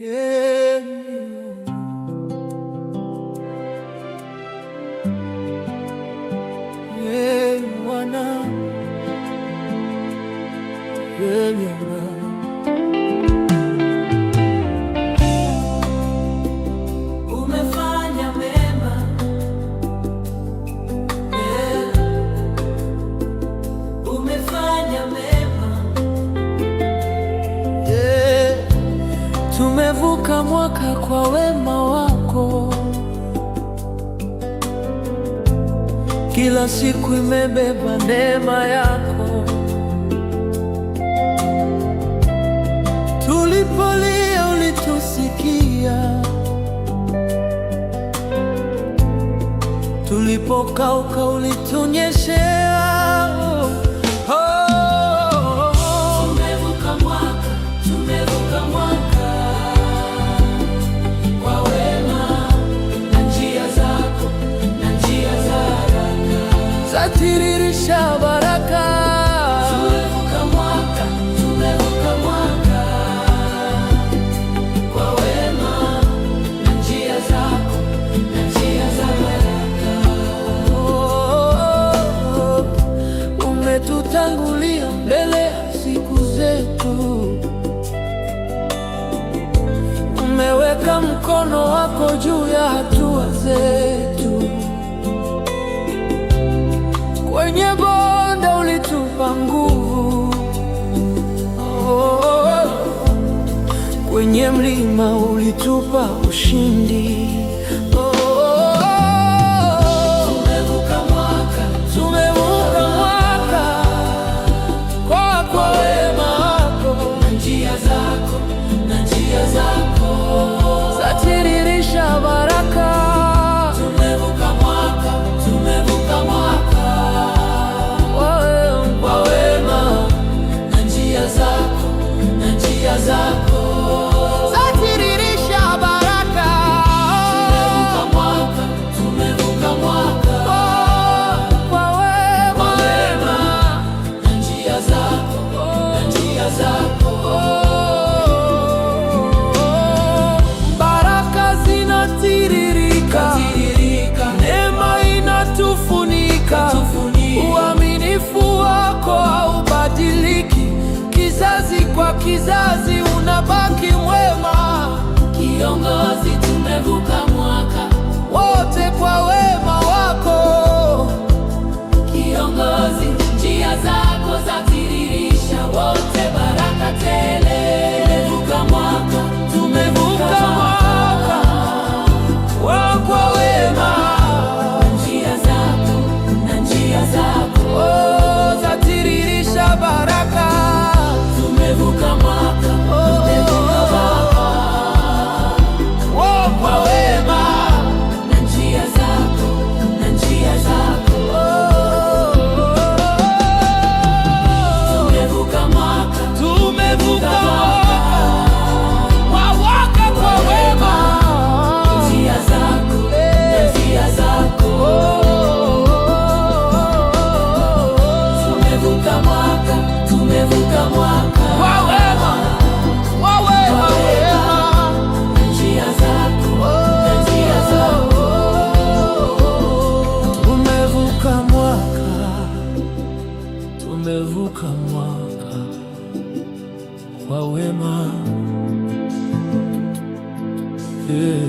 Yeah, why not? Yeah, yeah, kuvuka mwaka kwa wema wako, kila siku imebeba neema yako. Tulipolia ulitusikia, tulipokauka ulitunyeshea umetangulia mbele ya siku zetu. Umeweka mkono wako juu ya hatua zetu. Kwenye bonde ulitupa nguvu, oh, oh, oh. kwenye mlima ulitupa ushindi. kizazi unabaki mwema, kiongozi, tumevuka mwaka wote. kukumbuka mwaka wa wema yeah.